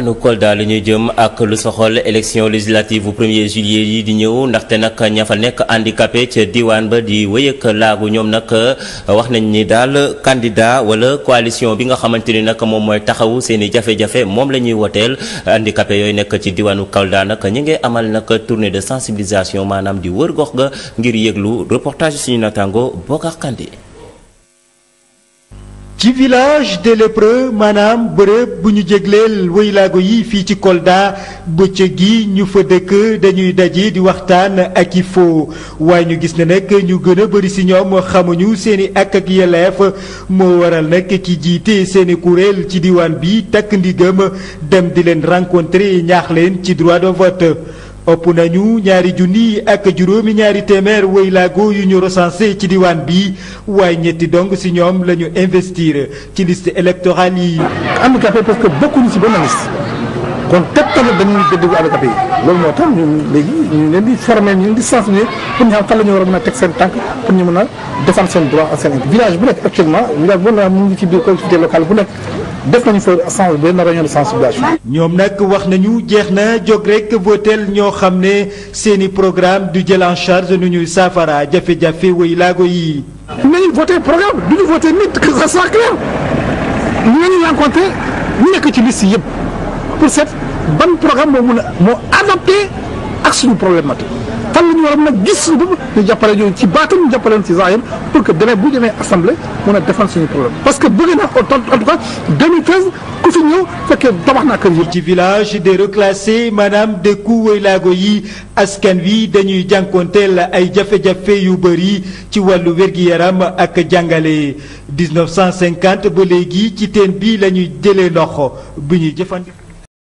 anu Kolda la ñu jëm ak lu soxol élection législative bu premier er juillet yi di ñëw ndaxte nag ña fa nekk handicapé ca diwaan ba di wëyëk laagu ñoom nag wax nañ ni daal candidat wala coalition bi nga xamante ni nag moom mooy taxawu seen i jafe-jafe moom la ñuy woteel handicapé yooyu nekk ci diwaanu Kolda nag ñu ngi amal nag tournée de sensibilisation maanaam di wër gox nga ngir yëglu reportage suñu natango Bokar Kandé ci village de lépreux maanaam bërëb bu ñu jegleel woylaago yi fii ci Kolda bëccëg gi ñu fa dëkk dañuy daje di waxtaan ak yi foo waaye ñu gis ne nag ñu gën a bëri si ñoom xamuñu seen i ak ak yeleef moo waral nag ki jiite seen i kuréel ci diwaan bi takk ndigam dem di leen rencontrer ñaax leen ci droit de vote ëpp nañu ñaari junni ak juróomi ñaari téeméer woy laago yu ñu recensé ci diwaan bi waaye ñetti dong si ñoom lañu ñu investir ci liste électorale yi. handicapé parce que bokkuñu si benn liste. kon teg tamit dañuy déglu avec yi loolu moo tax ñun léegi ñu leen di former ñu leen di sensibiliser pour ñu xam fan la ñu war a a teg seen tànk pour ñu mën a défendre seen droit ak seen village bu nekk actuellement village bu nekk mu ngi ci biir collectivité locale bu nekk def nañu fa sens benn réunion ñoom nag wax nañu jeex na jóg rek votel ñoo xam ne seen i programme du jël en charge nu ñuy saafara jafe-jafe way laago yi. nañu voté programme du ñu voté nit que ça soit clair ñu leen rencontré ñu nekk ci liste yëpp. pour seet ban programme moo mun a moo adapté ak suñu problématique fan la ñu war nag mën gis suñu bopp ñu jàppale ñu ci baatam ñu jàppale ci zahir pour que demee bu demee assemblée mun a défendre suñu problème parce que bëgg naa en tout cas 2013 ku fi ñëw fekkee tabax naa kër yëpp. ci village des reclassés maanaam dëkku wëylaago yi askan wi dañuy jànkoonteel ay jafe-jafe yu bëri ci wàllu wér-gi-yaram ak jàngale 1950 ba léegi ci teen bi lañuy ñuy jëlee ndox bu ñuy jëfandikoo.